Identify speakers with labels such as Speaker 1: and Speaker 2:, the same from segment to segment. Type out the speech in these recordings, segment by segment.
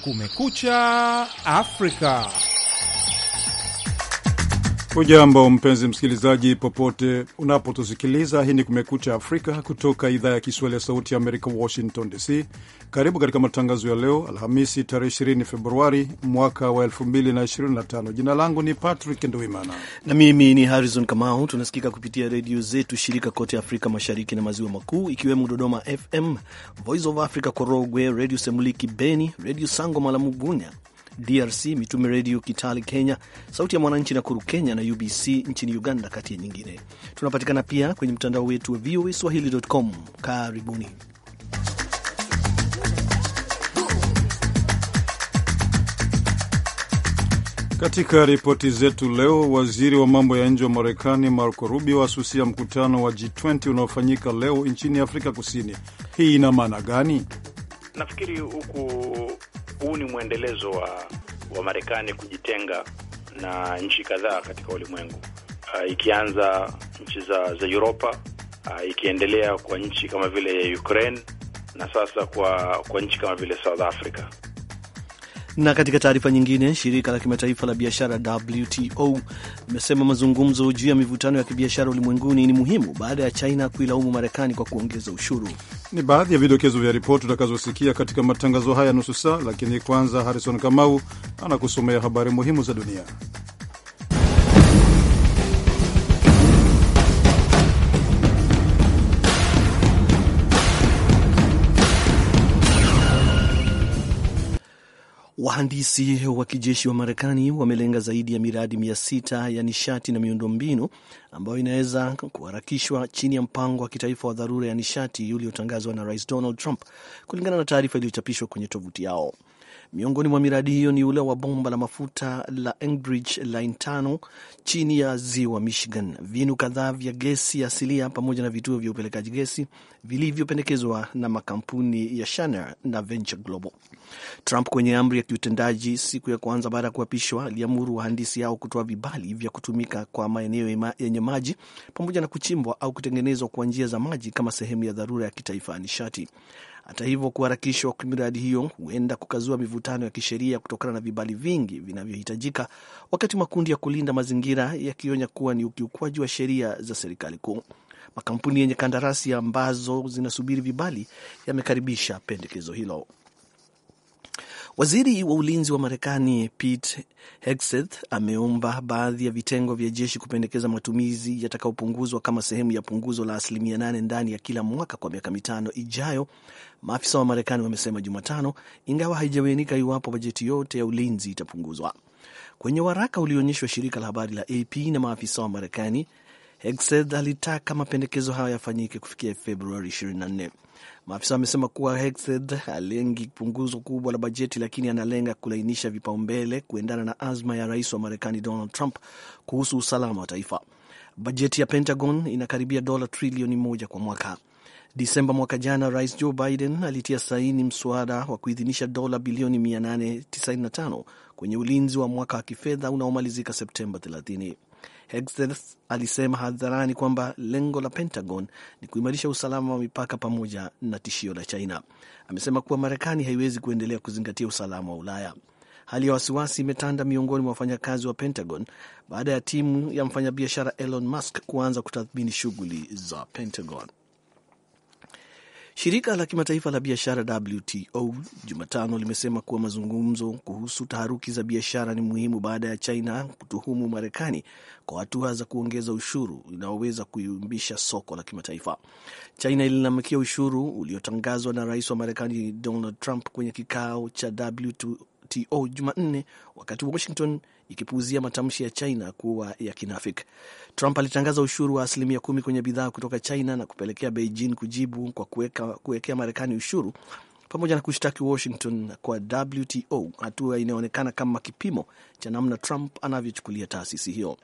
Speaker 1: Kumekucha Afrika ujambo mpenzi msikilizaji, popote unapotusikiliza. Hii ni Kumekucha Afrika kutoka idhaa ya Kiswahili ya Sauti ya Amerika, Washington DC. Karibu katika matangazo ya leo Alhamisi, tarehe 20 Februari mwaka wa 2025.
Speaker 2: Jina langu ni Patrick Ndwimana na mimi ni Harrison Kamau. Tunasikika kupitia redio zetu shirika kote Afrika Mashariki na Maziwa Makuu, ikiwemo Dodoma FM, Voice of Africa Korogwe, Redio Semuliki Beni, Redio Sango Malamugunya, DRC, Mitume Redio kitali Kenya, Sauti ya Mwananchi Nakuru Kenya na UBC nchini Uganda, kati ya nyingine. Tunapatikana pia kwenye mtandao wetu wa VOA Swahili.com. Karibuni. Katika
Speaker 1: ripoti zetu leo, waziri wa mambo ya nje wa Marekani Marco Rubio asusia mkutano wa G20 unaofanyika leo nchini Afrika Kusini. Hii ina maana gani?
Speaker 3: Nafikiri huku huu ni mwendelezo wa, wa Marekani kujitenga na nchi kadhaa katika ulimwengu, uh, ikianza nchi za, za Uropa uh, ah, ikiendelea kwa nchi kama vile ya Ukraine na sasa kwa, kwa nchi kama vile South Africa.
Speaker 2: Na katika taarifa nyingine, shirika la kimataifa la biashara WTO limesema mazungumzo juu ya mivutano ya kibiashara ulimwenguni ni muhimu baada ya China kuilaumu Marekani kwa kuongeza ushuru.
Speaker 1: Ni baadhi ya vidokezo vya ripoti utakazosikia katika matangazo haya nusu saa, lakini kwanza, Harrison Kamau anakusomea habari muhimu za dunia.
Speaker 2: Wahandisi wa kijeshi wa Marekani wamelenga zaidi ya miradi mia sita ya nishati na miundombinu ambayo inaweza kuharakishwa chini ya mpango wa kitaifa wa dharura ya nishati uliotangazwa na Rais Donald Trump, kulingana na taarifa iliyochapishwa kwenye tovuti yao. Miongoni mwa miradi hiyo ni ule wa bomba la mafuta la Enbridge Line tano chini ya ziwa Michigan, vinu kadhaa vya gesi asilia pamoja na vituo vya upelekaji gesi vilivyopendekezwa na makampuni ya Shana na Venture Global. Trump kwenye amri ya kiutendaji siku ya kwanza baada ya kuapishwa, aliamuru wahandisi hao kutoa vibali vya kutumika kwa maeneo yenye maji pamoja na kuchimbwa au kutengenezwa kwa njia za maji kama sehemu ya dharura ya kitaifa ya nishati. Hata hivyo, kuharakishwa kwa miradi hiyo huenda kukazua mivutano ya kisheria kutokana na vibali vingi vinavyohitajika, wakati makundi ya kulinda mazingira yakionya kuwa ni ukiukwaji wa sheria za serikali kuu. Makampuni yenye kandarasi ambazo zinasubiri vibali yamekaribisha pendekezo hilo. Waziri wa ulinzi wa Marekani Pete Hegseth ameomba baadhi ya vitengo vya jeshi kupendekeza matumizi yatakayopunguzwa kama sehemu ya punguzo la asilimia nane ndani ya kila mwaka kwa miaka mitano ijayo, maafisa wa Marekani wamesema Jumatano, ingawa haijabainika iwapo bajeti yote ya ulinzi itapunguzwa. Kwenye waraka ulioonyeshwa shirika la habari la AP na maafisa wa Marekani, Hegseth alitaka mapendekezo hayo yafanyike kufikia Februari 24. Maafisa amesema kuwa Hegseth alengi punguzo kubwa la bajeti, lakini analenga kulainisha vipaumbele kuendana na azma ya rais wa Marekani Donald Trump kuhusu usalama wa taifa. Bajeti ya Pentagon inakaribia dola trilioni moja kwa mwaka. Desemba mwaka jana, rais Joe Biden alitia saini mswada wa kuidhinisha dola bilioni 895 kwenye ulinzi wa mwaka wa kifedha unaomalizika Septemba 30. Hegseth alisema hadharani kwamba lengo la Pentagon ni kuimarisha usalama wa mipaka pamoja na tishio la China. Amesema kuwa Marekani haiwezi kuendelea kuzingatia usalama wa Ulaya. Hali ya wasiwasi imetanda miongoni mwa wafanyakazi wa Pentagon baada ya timu ya mfanyabiashara Elon Musk kuanza kutathmini shughuli za Pentagon. Shirika la kimataifa la biashara WTO Jumatano limesema kuwa mazungumzo kuhusu taharuki za biashara ni muhimu baada ya China kutuhumu Marekani kwa hatua za kuongeza ushuru inayoweza kuyumbisha soko la kimataifa. China ililalamikia ushuru uliotangazwa na rais wa Marekani Donald Trump kwenye kikao cha WTO Jumanne, wakati Washington ikipuuzia matamshi ya China kuwa ya kinafiki. Trump alitangaza ushuru wa asilimia kumi kwenye bidhaa kutoka China na kupelekea Beijing kujibu kwa kuwekea Marekani ushuru pamoja na kushtaki Washington kwa WTO, hatua inayoonekana kama kipimo cha namna Trump anavyochukulia taasisi hiyo.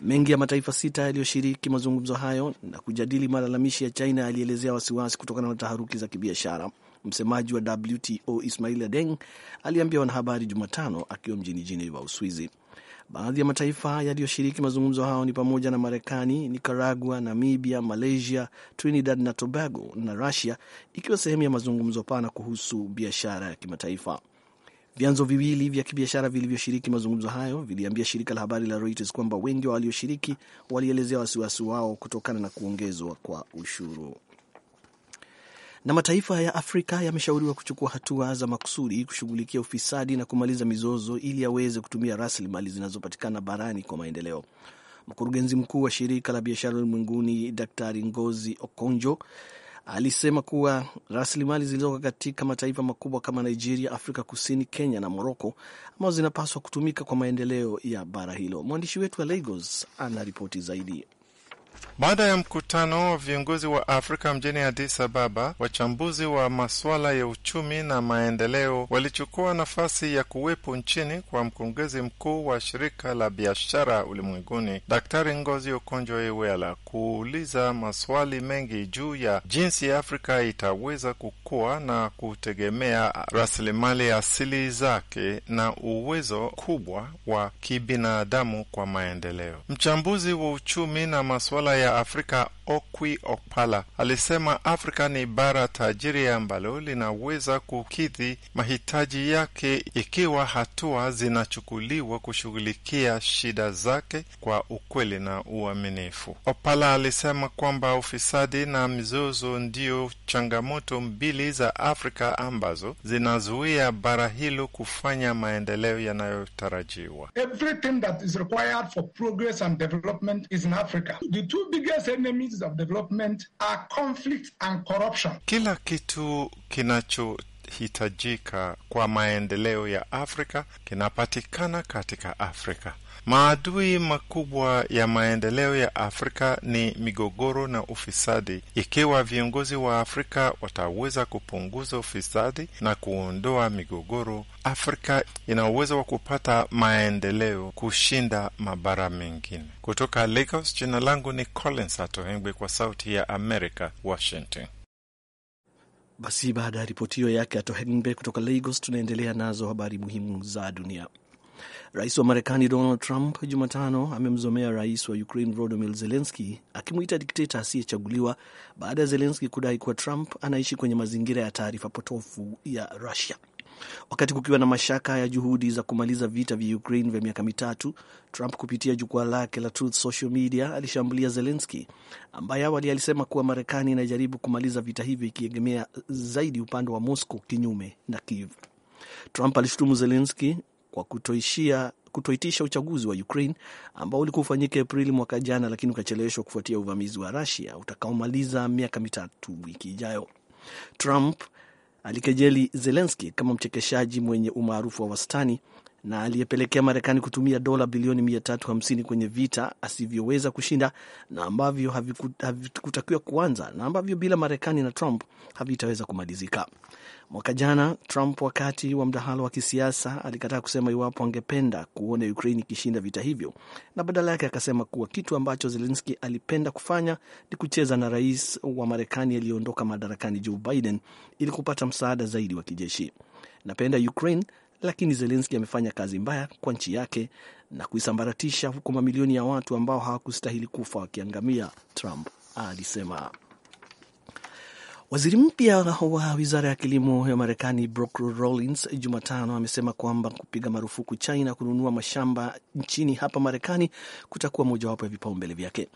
Speaker 2: Mengi ya mataifa sita yaliyoshiriki mazungumzo hayo na kujadili malalamishi ya China yalielezea wasiwasi kutokana na taharuki za kibiashara. Msemaji wa WTO Ismail Adeng aliambia wanahabari Jumatano akiwa mjini Jeneva, Uswizi. Baadhi ya mataifa yaliyoshiriki mazungumzo hao ni pamoja na Marekani, Nicaragua, Namibia, Malaysia, Trinidad na Tobago na Rusia, ikiwa sehemu ya mazungumzo pana kuhusu biashara ya kimataifa. Vyanzo viwili vya kibiashara vilivyoshiriki mazungumzo hayo viliambia shirika la habari la Reuters kwamba wengi wa walioshiriki walielezea wasiwasi wao kutokana na kuongezwa kwa ushuru na mataifa ya Afrika yameshauriwa kuchukua hatua za makusudi kushughulikia ufisadi na kumaliza mizozo ili yaweze kutumia rasilimali zinazopatikana barani kwa maendeleo. Mkurugenzi mkuu wa shirika la biashara ulimwenguni Daktari Ngozi Okonjo alisema kuwa rasilimali zilizoko katika mataifa makubwa kama Nigeria, Afrika Kusini, Kenya na Moroko ambazo zinapaswa kutumika kwa maendeleo ya bara hilo. Mwandishi wetu wa Lagos ana ripoti zaidi. Baada ya mkutano
Speaker 4: wa viongozi wa Afrika mjini Addis Ababa, wachambuzi wa masuala ya uchumi na maendeleo walichukua nafasi ya kuwepo nchini kwa mkurugenzi mkuu wa shirika la biashara ulimwenguni, Daktari Ngozi Okonjo-Iweala, kuuliza maswali mengi juu ya jinsi Afrika itaweza kukua na kutegemea rasilimali asili zake na uwezo kubwa wa kibinadamu kwa maendeleo. Mchambuzi wa uchumi na masuala masuala ya Afrika Okwi Opala alisema Afrika ni bara tajiri ambalo linaweza kukidhi mahitaji yake ikiwa hatua zinachukuliwa kushughulikia shida zake kwa ukweli na uaminifu. Opala alisema kwamba ufisadi na mizozo ndiyo changamoto mbili za Afrika ambazo zinazuia bara hilo kufanya maendeleo yanayotarajiwa
Speaker 1: two biggest enemies of
Speaker 4: development are conflict and corruption. Kila kitu kinachohitajika kwa maendeleo ya Afrika kinapatikana katika Afrika. Maadui makubwa ya maendeleo ya Afrika ni migogoro na ufisadi. Ikiwa viongozi wa Afrika wataweza kupunguza ufisadi na kuondoa migogoro, Afrika ina uwezo wa kupata maendeleo kushinda mabara mengine. Kutoka Lagos, jina langu ni Collins Atohengwi kwa Sauti ya America, Washington.
Speaker 2: Basi baada ya ripoti hiyo yake Atohengbe kutoka Lagos, tunaendelea nazo habari muhimu za dunia. Rais wa Marekani Donald Trump Jumatano amemzomea rais wa Ukraine Volodymyr Zelensky akimwita dikteta asiyechaguliwa baada ya Zelensky kudai kuwa Trump anaishi kwenye mazingira ya taarifa potofu ya Russia. Wakati kukiwa na mashaka ya juhudi za kumaliza vita vya Ukraine vya miaka mitatu, Trump kupitia jukwaa lake la Truth Social Media alishambulia Zelensky ambaye awali alisema kuwa Marekani inajaribu kumaliza vita hivyo ikiegemea zaidi upande wa Moscow kinyume na Kiev. Trump alishutumu Zelensky kwa kutoishia kutoitisha uchaguzi wa Ukraine ambao ulikuwa ufanyike Aprili mwaka jana, lakini ukacheleweshwa kufuatia uvamizi wa Russia utakaomaliza miaka mitatu wiki ijayo. Trump alikejeli zelenski kama mchekeshaji mwenye umaarufu wa wastani na aliyepelekea Marekani kutumia dola bilioni 350 kwenye vita asivyoweza kushinda na ambavyo havikutakiwa kuanza na ambavyo bila Marekani na Trump havitaweza kumalizika. Mwaka jana Trump, wakati wa mdahalo wa kisiasa, alikataa kusema iwapo angependa kuona Ukraine ikishinda vita hivyo, na badala yake akasema kuwa kitu ambacho zelenski alipenda kufanya ni kucheza na rais wa Marekani aliyeondoka madarakani Joe Biden ili kupata msaada zaidi wa kijeshi. Napenda Ukraine, lakini zelenski amefanya kazi mbaya kwa nchi yake na kuisambaratisha, huku mamilioni ya watu ambao hawakustahili kufa wakiangamia, Trump alisema. Waziri mpya wa wizara ya kilimo ya Marekani Brock Rollins Jumatano amesema kwamba kupiga marufuku China kununua mashamba nchini hapa Marekani kutakuwa mojawapo ya vipaumbele vyake.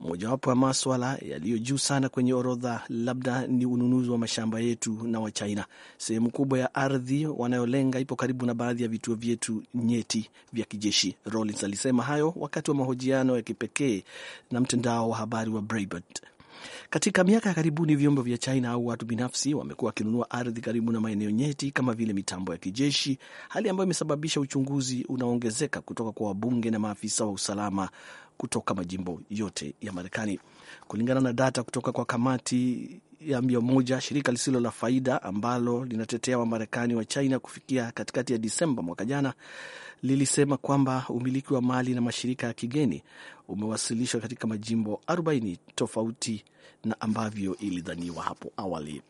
Speaker 2: Mojawapo ya maswala yaliyo juu sana kwenye orodha labda ni ununuzi wa mashamba yetu na wa China. Sehemu kubwa ya ardhi wanayolenga ipo karibu na baadhi ya vituo vyetu nyeti vya kijeshi. Rollins alisema hayo wakati wa mahojiano ya kipekee na mtandao wa habari wa Breitbart katika miaka ya karibuni, vyombo vya China au watu binafsi wamekuwa wakinunua ardhi karibu na maeneo nyeti kama vile mitambo ya kijeshi, hali ambayo imesababisha uchunguzi unaongezeka kutoka kwa wabunge na maafisa wa usalama kutoka majimbo yote ya Marekani. Kulingana na data kutoka kwa kamati ya mia moja shirika lisilo la faida ambalo linatetea Wamarekani wa China kufikia katikati ya Disemba mwaka jana lilisema kwamba umiliki wa mali na mashirika ya kigeni umewasilishwa katika majimbo 40 tofauti na ambavyo ilidhaniwa hapo awali.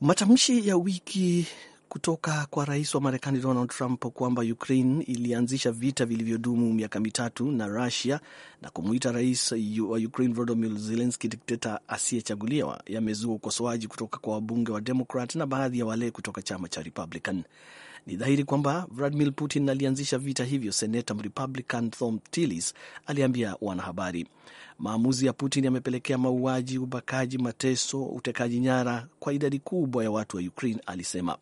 Speaker 2: Matamshi ya wiki kutoka kwa rais wa Marekani Donald Trump kwamba Ukraine ilianzisha vita vilivyodumu miaka mitatu na Russia na kumwita rais wa Ukraine Volodymyr Zelensky dikteta asiyechaguliwa yamezua ukosoaji kutoka kwa wabunge wa demokrat na baadhi ya wale kutoka chama cha Republican. Ni dhahiri kwamba Vladimir Putin alianzisha vita hivyo, senata Mrepublican Thom Tillis aliambia wanahabari. Maamuzi ya Putin yamepelekea mauaji, ubakaji, mateso, utekaji nyara kwa idadi kubwa ya watu wa Ukraine, alisema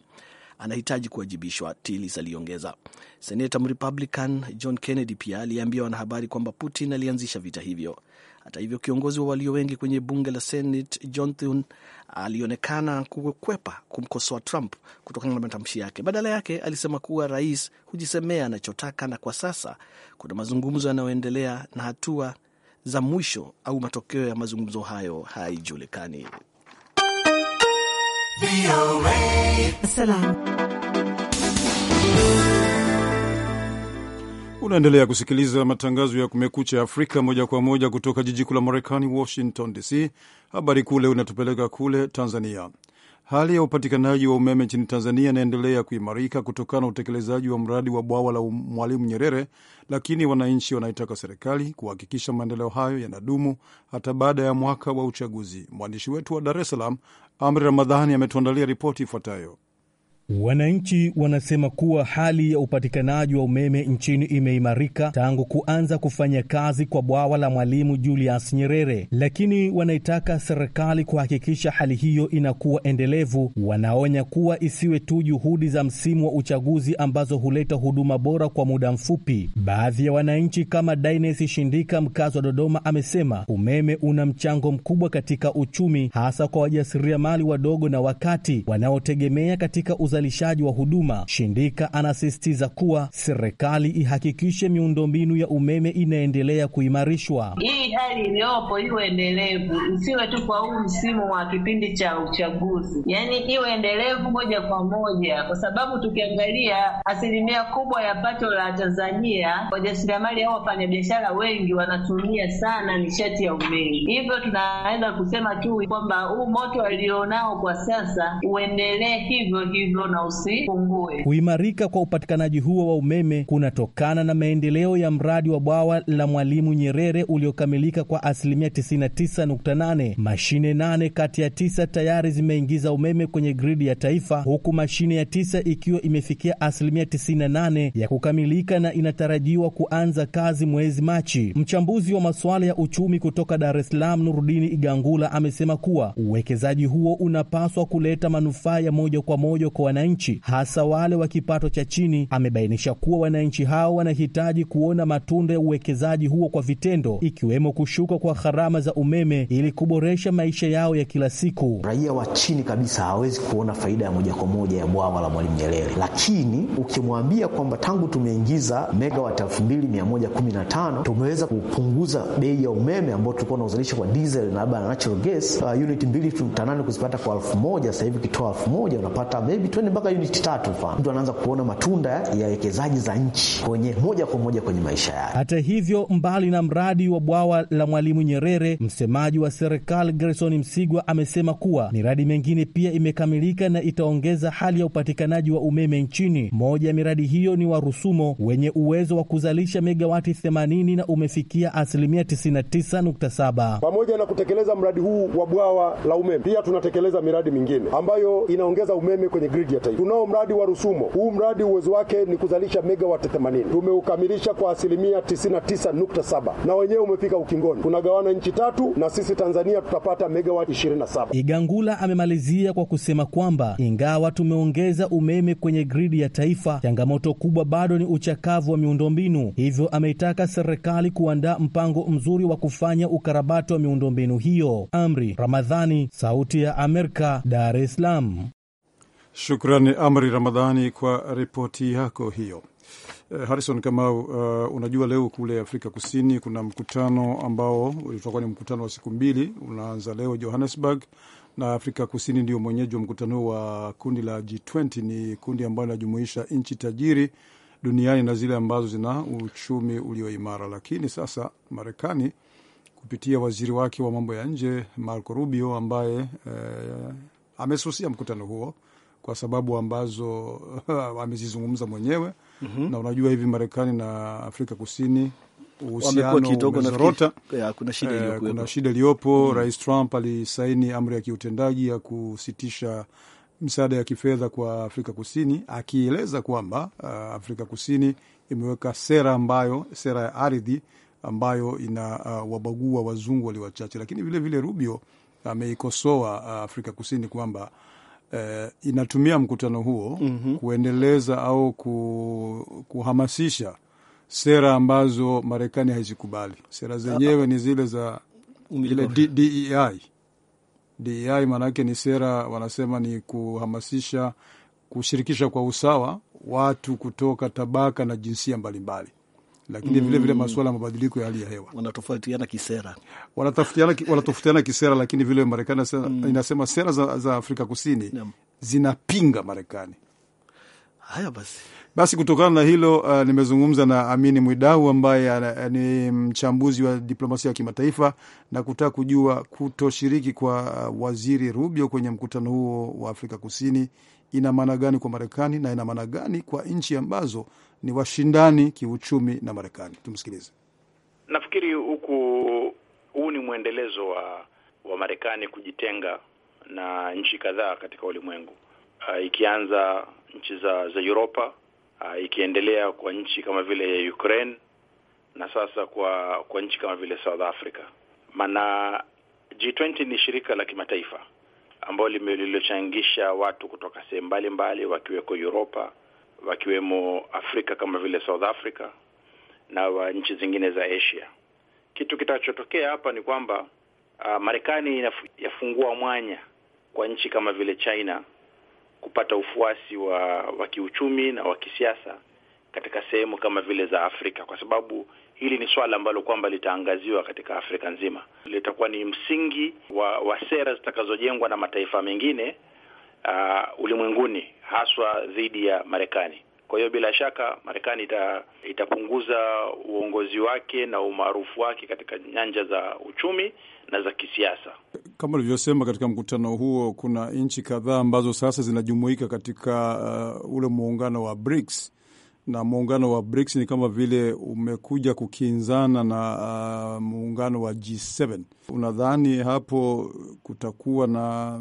Speaker 2: anahitaji kuwajibishwa, Tillis aliongeza. Seneta Mrepublican John Kennedy pia aliambia wanahabari kwamba Putin alianzisha vita hivyo. Hata hivyo, kiongozi wa walio wengi kwenye bunge la Senate John Thune alionekana kukwepa kumkosoa Trump kutokana na matamshi yake. Badala yake alisema kuwa rais hujisemea anachotaka, na kwa sasa kuna mazungumzo yanayoendelea na hatua za mwisho au matokeo ya mazungumzo hayo haijulikani.
Speaker 1: Unaendelea kusikiliza matangazo ya Kumekucha Afrika moja kwa moja kutoka jiji kuu la Marekani, Washington DC. Habari kule unatupeleka kule Tanzania. Hali ya upatikanaji wa umeme nchini Tanzania inaendelea kuimarika kutokana na utekelezaji wa mradi wa bwawa la Mwalimu Nyerere, lakini wananchi wanaitaka serikali kuhakikisha maendeleo hayo yanadumu hata baada ya mwaka wa uchaguzi. Mwandishi wetu wa Dar es Salaam, Amri Ramadhani, ametuandalia ripoti ifuatayo.
Speaker 5: Wananchi wanasema kuwa hali ya upatikanaji wa umeme nchini imeimarika tangu kuanza kufanya kazi kwa bwawa la Mwalimu Julius Nyerere, lakini wanaitaka serikali kuhakikisha hali hiyo inakuwa endelevu. Wanaonya kuwa isiwe tu juhudi za msimu wa uchaguzi ambazo huleta huduma bora kwa muda mfupi. Baadhi ya wananchi kama Daines Shindika, mkazi wa Dodoma, amesema umeme una mchango mkubwa katika uchumi, hasa kwa wajasiriamali wadogo na wakati wanaotegemea katika uza uzalishaji wa huduma, Shindika anasisitiza kuwa serikali ihakikishe miundombinu ya umeme inaendelea kuimarishwa.
Speaker 6: Hii hali iliyopo iwe endelevu, isiwe tu kwa huu msimu wa kipindi cha uchaguzi, yaani iwe endelevu moja kwa moja, kwa sababu tukiangalia asilimia kubwa ya pato la Tanzania, wajasiriamali au wafanyabiashara wengi wanatumia sana nishati ya umeme, hivyo tunaweza kusema tu kwamba huu moto alionao kwa sasa uendelee hivyo hivyo na usipungue.
Speaker 5: Kuimarika kwa upatikanaji huo wa umeme kunatokana na maendeleo ya mradi wa bwawa la Mwalimu Nyerere uliokamilika kwa asilimia 99.8. Mashine nane kati ya tisa tayari zimeingiza umeme kwenye gridi ya taifa, huku mashine ya tisa ikiwa imefikia asilimia 98 ya kukamilika na inatarajiwa kuanza kazi mwezi Machi. Mchambuzi wa masuala ya uchumi kutoka Dar es Salaam, Nurudini Igangula, amesema kuwa uwekezaji huo unapaswa kuleta manufaa ya moja kwa moja kwa wananchi, hasa wale wa kipato cha chini. Amebainisha kuwa wananchi hao wanahitaji kuona matunda ya uwekezaji huo kwa vitendo, ikiwemo kushuka kwa gharama za umeme ili kuboresha maisha yao ya kila siku. Raia wa chini kabisa hawezi kuona faida ya moja kwa moja ya bwawa la Mwalimu Nyerere, lakini ukimwambia kwamba tangu tumeingiza megawati tano tumeweza kupunguza bei ya umeme ambao tulikuwa unauzalisha kwa diesel na labda natural gas, uh, unit mbili tutanane kuzipata kwa elfu moja sasa hivi ukitoa elfu moja unapata
Speaker 2: maybe twende mpaka unit tatu, mfano mtu anaanza kuona matunda ya wekezaji za nchi kwenye moja kwa moja kwenye maisha yake.
Speaker 5: Hata hivyo, mbali na mradi wa bwawa la Mwalimu Nyerere, msemaji wa serikali Gerson Msigwa amesema kuwa miradi mengine pia imekamilika na itaongeza hali ya upatikanaji wa umeme nchini. Moja ya miradi hiyo ni wa Rusumo wenye uwezo wa kuzalisha megawati 80 na umefikia asilimia 99.7.
Speaker 1: Pamoja na kutekeleza mradi huu wa bwawa la umeme, pia tunatekeleza miradi mingine ambayo inaongeza umeme kwenye grid ya taifa. Tunao mradi wa Rusumo. Huu mradi uwezo wake ni kuzalisha megawati 80. Tumeukamilisha kwa asilimia 99.7 na wenyewe umefika ukingoni. Tunagawana nchi tatu na sisi Tanzania tutapata megawati 27.
Speaker 5: Igangula amemalizia kwa kusema kwamba ingawa tumeongeza umeme kwenye gridi ya taifa, changamoto kubwa bado ni uchakavu wa miundombinu. Hivyo ameitaka serikali kuandaa mpango mzuri wa kufanya ukarabati wa miundombinu hiyo. Amri Ramadhani, Sauti ya Amerika, Dar es Salaam.
Speaker 1: Shukrani Amri Ramadhani kwa ripoti yako hiyo. Eh, Harrison Kamau, uh, unajua leo kule Afrika Kusini kuna mkutano ambao utakuwa ni mkutano wa siku mbili, unaanza leo Johannesburg, na Afrika Kusini ndio mwenyeji wa mkutano huu wa kundi la G20. Ni kundi ambayo inajumuisha nchi tajiri duniani na zile ambazo zina uchumi ulio imara Lakini sasa Marekani kupitia waziri wake wa mambo ya nje Marco Rubio ambaye eh, amesusia mkutano huo kwa sababu ambazo amezizungumza mwenyewe mm -hmm. Na unajua hivi Marekani na Afrika Kusini uhusiano eh, kuna shida iliyopo eh, mm. Rais Trump alisaini amri ya kiutendaji ya kusitisha msaada ya kifedha kwa Afrika Kusini akieleza kwamba uh, Afrika Kusini imeweka sera ambayo sera ya ardhi ambayo ina uh, wabagua wazungu walio wachache, lakini vilevile Rubio ameikosoa uh, Afrika Kusini kwamba eh, inatumia mkutano huo mm -hmm. kuendeleza au kuhamasisha sera ambazo Marekani haizikubali. Sera zenyewe ni zile za ile DEI. DEI e maanake ni sera, wanasema ni kuhamasisha kushirikisha kwa usawa watu kutoka tabaka na jinsia mbalimbali mbali lakini mm. vilevile masuala ya mabadiliko ya hali ya hewa wanatofautiana kisera, wanatofautiana kisera, lakini vile Marekani mm. inasema sera za, za Afrika Kusini yeah. zinapinga Marekani.
Speaker 2: Haya basi
Speaker 1: basi, kutokana na hilo uh, nimezungumza na Amini Mwidau ambaye uh, ni mchambuzi wa diplomasia ya kimataifa na kutaka kujua kutoshiriki kwa uh, waziri Rubio kwenye mkutano huo wa Afrika Kusini ina maana gani kwa Marekani na ina maana gani kwa nchi ambazo ni washindani kiuchumi na Marekani. Tumsikilize.
Speaker 3: Nafikiri huku huu ni mwendelezo wa wa Marekani kujitenga na nchi kadhaa katika ulimwengu, uh, ikianza nchi za za Uropa, uh, ah, ikiendelea kwa nchi kama vile Ukraine na sasa kwa kwa nchi kama vile South Africa. Maana G20 ni shirika la kimataifa ambalo lililochangisha watu kutoka sehemu mbalimbali wakiweko uropa wakiwemo Afrika kama vile South Africa na wa nchi zingine za Asia. Kitu kitachotokea hapa ni kwamba uh, Marekani yafungua mwanya kwa nchi kama vile China kupata ufuasi wa wa kiuchumi na wa kisiasa katika sehemu kama vile za Afrika, kwa sababu hili ni swala ambalo kwamba litaangaziwa katika Afrika nzima. Litakuwa ni msingi wa, wa sera zitakazojengwa na mataifa mengine uh, ulimwenguni haswa dhidi ya Marekani. Kwa hiyo bila shaka Marekani ita, itapunguza uongozi wake na umaarufu wake katika nyanja za uchumi na za kisiasa.
Speaker 1: Kama ulivyosema katika mkutano huo, kuna nchi kadhaa ambazo sasa zinajumuika katika uh, ule muungano wa BRICS na muungano wa BRICS ni kama vile umekuja kukinzana na uh, muungano wa G7. Unadhani hapo kutakuwa na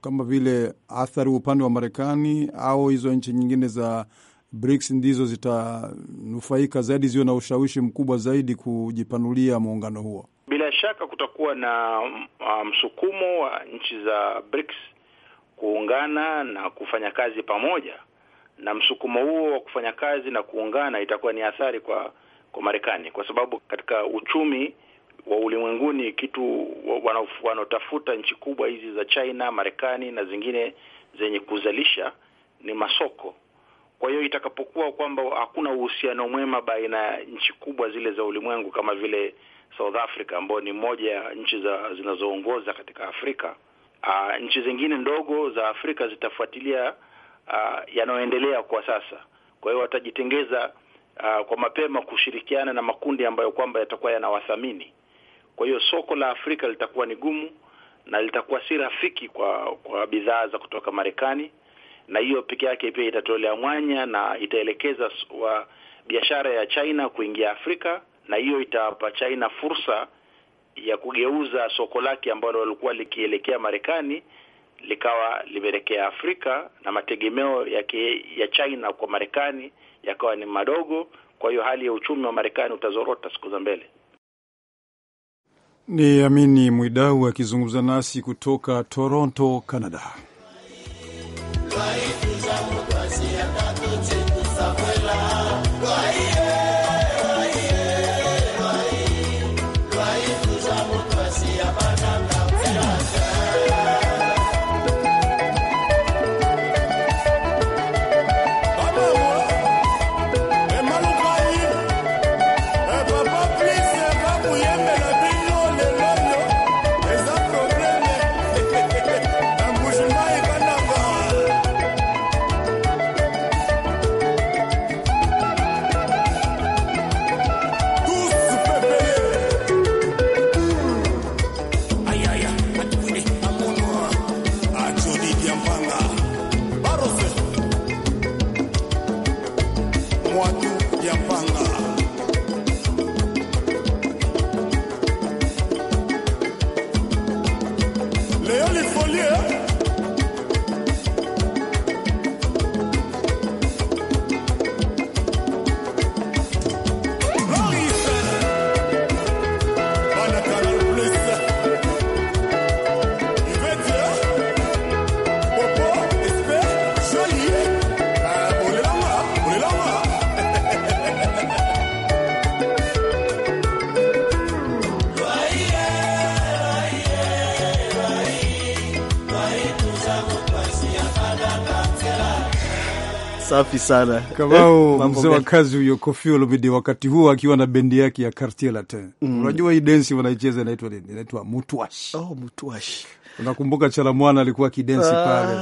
Speaker 1: kama vile athari upande wa Marekani au hizo nchi nyingine za BRICS ndizo zitanufaika zaidi, ziwe na ushawishi mkubwa zaidi kujipanulia muungano huo.
Speaker 3: Bila shaka kutakuwa na uh, msukumo um, wa nchi za BRICS kuungana na kufanya kazi pamoja, na msukumo huo wa kufanya kazi na kuungana itakuwa ni athari kwa kwa Marekani, kwa sababu katika uchumi wa ulimwenguni, kitu wanaotafuta nchi kubwa hizi za China, Marekani na zingine zenye kuzalisha ni masoko. Kwa hiyo itakapokuwa kwamba hakuna uhusiano mwema baina ya nchi kubwa zile za ulimwengu kama vile South Africa ambayo ni moja ya nchi zinazoongoza katika Afrika, aa, nchi zingine ndogo za Afrika zitafuatilia yanayoendelea kwa sasa. Kwa hiyo watajitengeza kwa mapema kushirikiana na makundi ambayo kwamba yatakuwa yanawathamini. Kwa hiyo soko la Afrika litakuwa ni gumu na litakuwa si rafiki kwa kwa bidhaa za kutoka Marekani, na hiyo peke yake pia itatolea mwanya na itaelekeza wa biashara ya China kuingia Afrika, na hiyo itawapa China fursa ya kugeuza soko lake ambalo walikuwa likielekea Marekani likawa limeelekea Afrika, na mategemeo ke, ya China kwa Marekani yakawa ni madogo. Kwa hiyo hali ya uchumi wa Marekani utazorota siku za mbele.
Speaker 1: Ni Amini Mwidau akizungumza nasi kutoka Toronto, Canada. Safi sana Kamau, mzee wa kazi huyo, Kofi Olomide wakati huo akiwa na bendi yake ya Quartier Latin. Mm. Unajua hii densi wanaicheza inaitwa nini? Inaitwa
Speaker 2: mutwash. Oh, mutwash.
Speaker 1: Unakumbuka Chalamwana alikuwa kidensi ah, pale.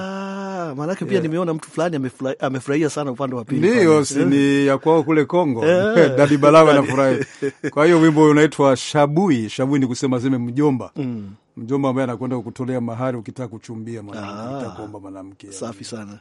Speaker 2: maanake pia yeah. Nimeona mtu fulani amefurahia sana upande wa pili. Ndio, si
Speaker 1: ni ya kwao kule Kongo. Yeah. Eh. Dadi Balawe anafurahi. Kwa hiyo wimbo unaitwa Shabui. Shabui ni kusema seme mjomba. Mm mjomba ambaye anakwenda kutolea mahari ukitaka kuchumbia
Speaker 2: mwanamke, ah, kuomba mwanamke. Safi sana.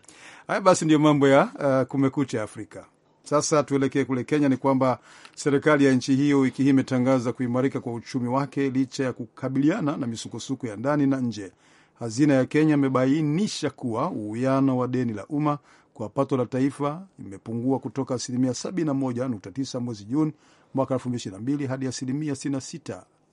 Speaker 1: Haya basi, ndio mambo ya uh, kumekucha Afrika. Sasa tuelekee kule Kenya. Ni kwamba serikali ya nchi hiyo wiki hii imetangaza kuimarika kwa uchumi wake licha ya kukabiliana na misukosuko ya ndani na nje. Hazina ya Kenya imebainisha kuwa uwiano wa deni la umma kwa pato la taifa imepungua kutoka asilimia 71.9 mwezi Juni mwaka 2022 hadi asilimia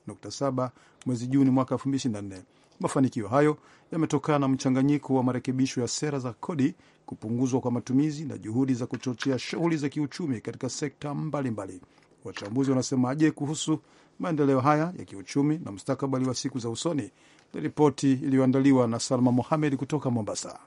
Speaker 1: 7 mwezi Juni mwaka 2024. Mafanikio hayo yametokana na mchanganyiko wa marekebisho ya sera za kodi, kupunguzwa kwa matumizi na juhudi za kuchochea shughuli za kiuchumi katika sekta mbalimbali. Wachambuzi wanasemaje kuhusu maendeleo haya ya kiuchumi na mustakabali wa siku za usoni? Ni ripoti iliyoandaliwa na Salma Mohamed kutoka Mombasa.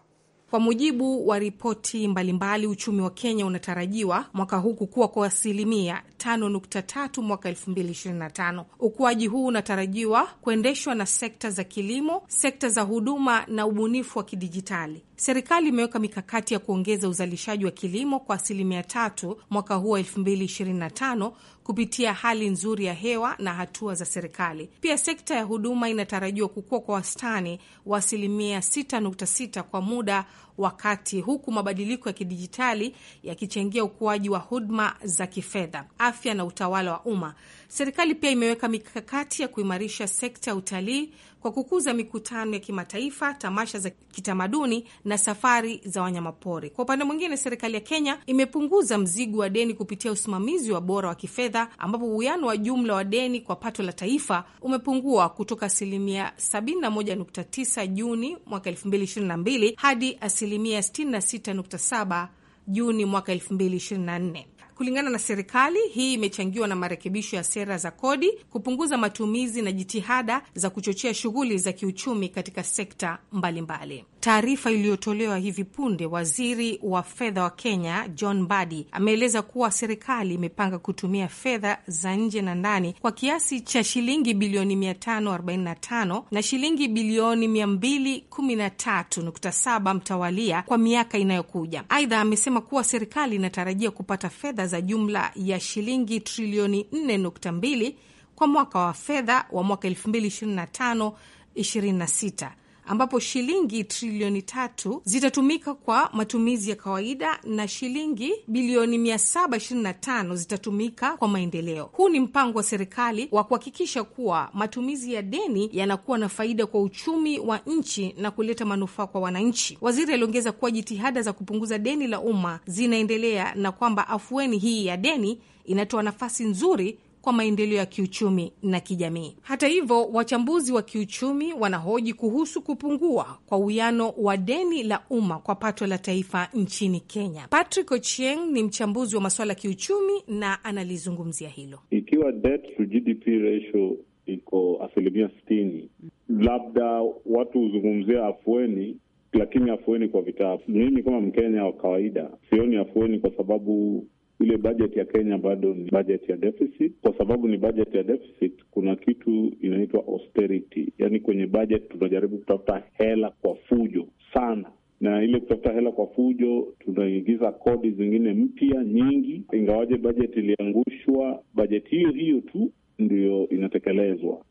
Speaker 6: Kwa mujibu wa ripoti mbalimbali, uchumi wa Kenya unatarajiwa mwaka huu kukua kwa asilimia 5.3 mwaka 2025. Ukuaji huu unatarajiwa kuendeshwa na sekta za kilimo, sekta za huduma na ubunifu wa kidijitali. Serikali imeweka mikakati ya kuongeza uzalishaji wa kilimo kwa asilimia tatu mwaka huu wa 2025 kupitia hali nzuri ya hewa na hatua za serikali. Pia sekta ya huduma inatarajiwa kukua kwa wastani wa asilimia 6.6 kwa muda wakati, huku mabadiliko ya kidijitali yakichangia ukuaji wa huduma za kifedha, afya na utawala wa umma. Serikali pia imeweka mikakati ya kuimarisha sekta ya utalii kwa kukuza mikutano ya kimataifa, tamasha za kitamaduni na safari za wanyamapori. Kwa upande mwingine, serikali ya Kenya imepunguza mzigo wa deni kupitia usimamizi wa bora wa kifedha, ambapo uwiano wa jumla wa deni kwa pato la taifa umepungua kutoka asilimia 71.9 Juni mwaka 2022 hadi asilimia asilimia 66.7 Juni mwaka 2024. Kulingana na serikali, hii imechangiwa na marekebisho ya sera za kodi, kupunguza matumizi na jitihada za kuchochea shughuli za kiuchumi katika sekta mbalimbali mbali. Taarifa iliyotolewa hivi punde, waziri wa fedha wa Kenya John badi ameeleza kuwa serikali imepanga kutumia fedha za nje na ndani kwa kiasi cha shilingi bilioni 545 na shilingi bilioni 213.7 mtawalia kwa miaka inayokuja. Aidha, amesema kuwa serikali inatarajia kupata fedha za jumla ya shilingi trilioni 4.2 kwa mwaka wa fedha wa mwaka 2025 26 ambapo shilingi trilioni tatu zitatumika kwa matumizi ya kawaida na shilingi bilioni 725 zitatumika kwa maendeleo. Huu ni mpango wa serikali wa kuhakikisha kuwa matumizi ya deni yanakuwa na faida kwa uchumi wa nchi na kuleta manufaa kwa wananchi. Waziri aliongeza kuwa jitihada za kupunguza deni la umma zinaendelea na kwamba afueni hii ya deni inatoa nafasi nzuri kwa maendeleo ya kiuchumi na kijamii. Hata hivyo, wachambuzi wa kiuchumi wanahoji kuhusu kupungua kwa uwiano wa deni la umma kwa pato la taifa nchini Kenya. Patrick Ochieng ni mchambuzi wa masuala ya kiuchumi na analizungumzia hilo.
Speaker 3: Ikiwa debt to GDP ratio iko asilimia sitini, labda watu huzungumzia afueni lakini afueni kwa vitabu, mimi kama Mkenya wa kawaida sioni afueni, kwa sababu ile bajeti ya Kenya bado ni bajeti ya deficit. Kwa sababu ni bajeti ya deficit, kuna kitu inaitwa austerity, yaani kwenye bajeti tunajaribu kutafuta hela kwa fujo sana na ile kutafuta hela kwa fujo, tunaingiza kodi zingine mpya nyingi. Ingawaje bajeti iliangushwa, bajeti hiyo hiyo tu ndiyo inatekelezwa.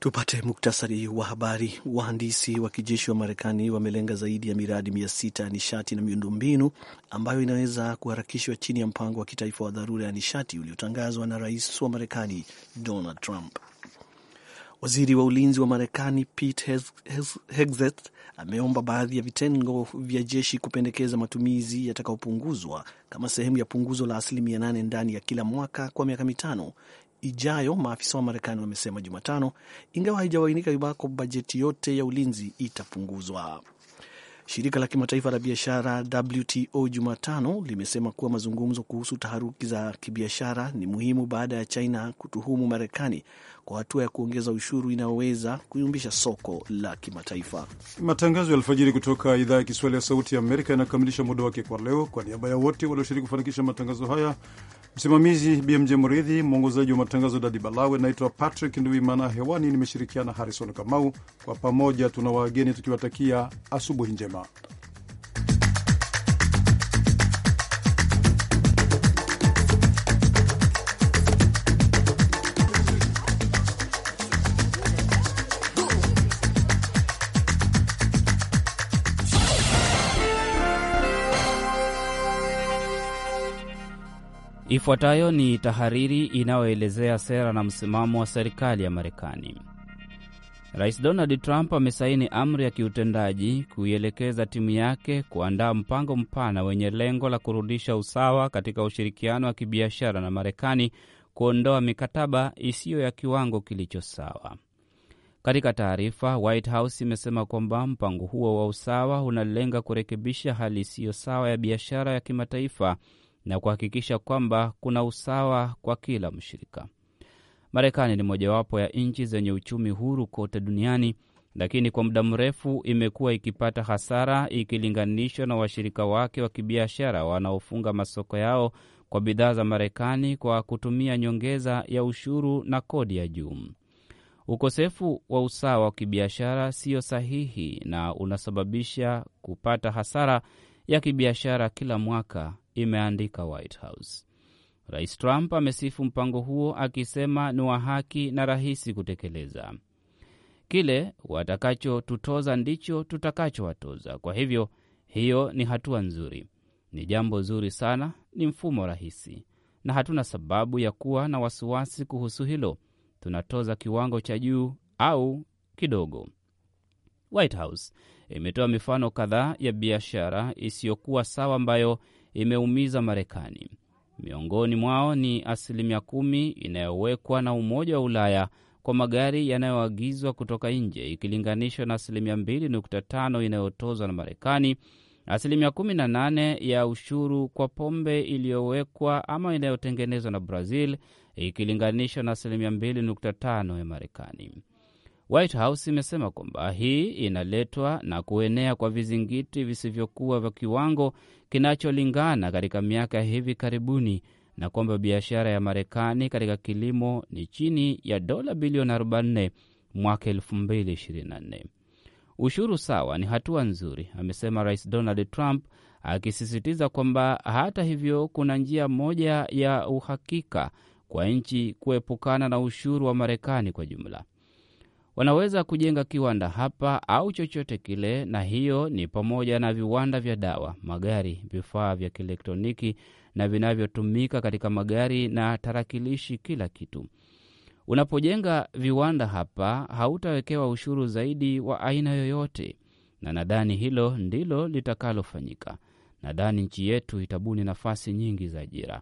Speaker 2: Tupate muktasari wa habari. Wahandisi wa kijeshi wa Marekani wamelenga zaidi ya miradi mia sita ya nishati na miundombinu ambayo inaweza kuharakishwa chini ya mpango wa kitaifa wa dharura ya nishati uliotangazwa na rais wa Marekani Donald Trump. Waziri wa ulinzi wa Marekani Pete Hegseth ameomba baadhi ya vitengo vya jeshi kupendekeza matumizi yatakayopunguzwa kama sehemu ya punguzo la asilimia nane ndani ya kila mwaka kwa miaka mitano ijayo, maafisa wa Marekani wamesema Jumatano, ingawa haijabainika iwapo bajeti yote ya ulinzi itapunguzwa. Shirika la kimataifa la biashara WTO Jumatano limesema kuwa mazungumzo kuhusu taharuki za kibiashara ni muhimu baada ya China kutuhumu Marekani kwa hatua ya kuongeza ushuru inayoweza kuyumbisha soko la kimataifa.
Speaker 1: Matangazo ya alfajiri kutoka idhaa ya Kiswahili ya Sauti ya Amerika yanakamilisha muda wake kwa leo. Kwa niaba ya wote walioshiriki kufanikisha matangazo haya Msimamizi BMJ Mridhi, mwongozaji wa matangazo Dadi Balawe. Naitwa Patrick Nduimana, hewani nimeshirikiana Harrison Kamau. Kwa pamoja tuna wageni tukiwatakia asubuhi njema.
Speaker 7: Ifuatayo ni tahariri inayoelezea sera na msimamo wa serikali ya Marekani. Rais Donald Trump amesaini amri ya kiutendaji kuielekeza timu yake kuandaa mpango mpana wenye lengo la kurudisha usawa katika ushirikiano wa kibiashara na Marekani, kuondoa mikataba isiyo ya kiwango kilicho sawa. Katika taarifa, White House imesema kwamba mpango huo wa usawa unalenga kurekebisha hali isiyo sawa ya biashara ya kimataifa na kuhakikisha kwamba kuna usawa kwa kila mshirika. Marekani ni mojawapo ya nchi zenye uchumi huru kote duniani, lakini kwa muda mrefu imekuwa ikipata hasara ikilinganishwa na washirika wake wa kibiashara wanaofunga masoko yao kwa bidhaa za Marekani kwa kutumia nyongeza ya ushuru na kodi ya juu. Ukosefu wa usawa wa kibiashara siyo sahihi na unasababisha kupata hasara ya kibiashara kila mwaka imeandika White House. Rais Trump amesifu mpango huo akisema ni wa haki na rahisi kutekeleza. Kile watakachotutoza ndicho tutakachowatoza. Kwa hivyo hiyo ni hatua nzuri, ni jambo zuri sana, ni mfumo rahisi, na hatuna sababu ya kuwa na wasiwasi kuhusu hilo. Tunatoza kiwango cha juu au kidogo. White House imetoa mifano kadhaa ya biashara isiyokuwa sawa ambayo imeumiza Marekani. Miongoni mwao ni asilimia kumi inayowekwa na Umoja wa Ulaya kwa magari yanayoagizwa kutoka nje ikilinganishwa na asilimia 2.5 inayotozwa na Marekani, asilimia 18 ya ushuru kwa pombe iliyowekwa ama inayotengenezwa na Brazil ikilinganishwa na asilimia 2.5 ya Marekani. White House imesema kwamba hii inaletwa na kuenea kwa vizingiti visivyokuwa vya kiwango kinacholingana katika miaka ya hivi karibuni na kwamba biashara ya Marekani katika kilimo ni chini ya dola bilioni 44 mwaka 2024. Ushuru sawa ni hatua nzuri, amesema Rais Donald Trump akisisitiza kwamba hata hivyo, kuna njia moja ya uhakika kwa nchi kuepukana na ushuru wa Marekani kwa jumla wanaweza kujenga kiwanda hapa au chochote kile, na hiyo ni pamoja na viwanda vya dawa, magari, vifaa vya kielektroniki na vinavyotumika katika magari na tarakilishi, kila kitu. Unapojenga viwanda hapa, hautawekewa ushuru zaidi wa aina yoyote, na nadhani hilo ndilo litakalofanyika. Nadhani nchi yetu itabuni nafasi nyingi za ajira.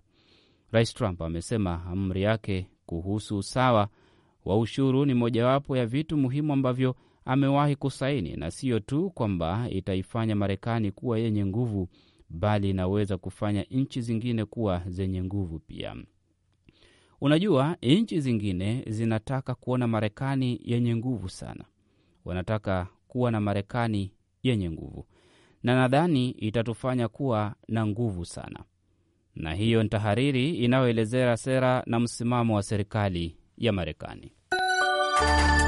Speaker 7: Rais Trump amesema amri yake kuhusu usawa wa ushuru ni mojawapo ya vitu muhimu ambavyo amewahi kusaini, na siyo tu kwamba itaifanya Marekani kuwa yenye nguvu, bali inaweza kufanya nchi zingine kuwa zenye nguvu pia. Unajua, nchi zingine zinataka kuona Marekani yenye nguvu sana, wanataka kuwa na Marekani yenye nguvu, na nadhani itatufanya kuwa na nguvu sana. Na hiyo ni tahariri inayoelezea sera na msimamo wa serikali ya Marekani.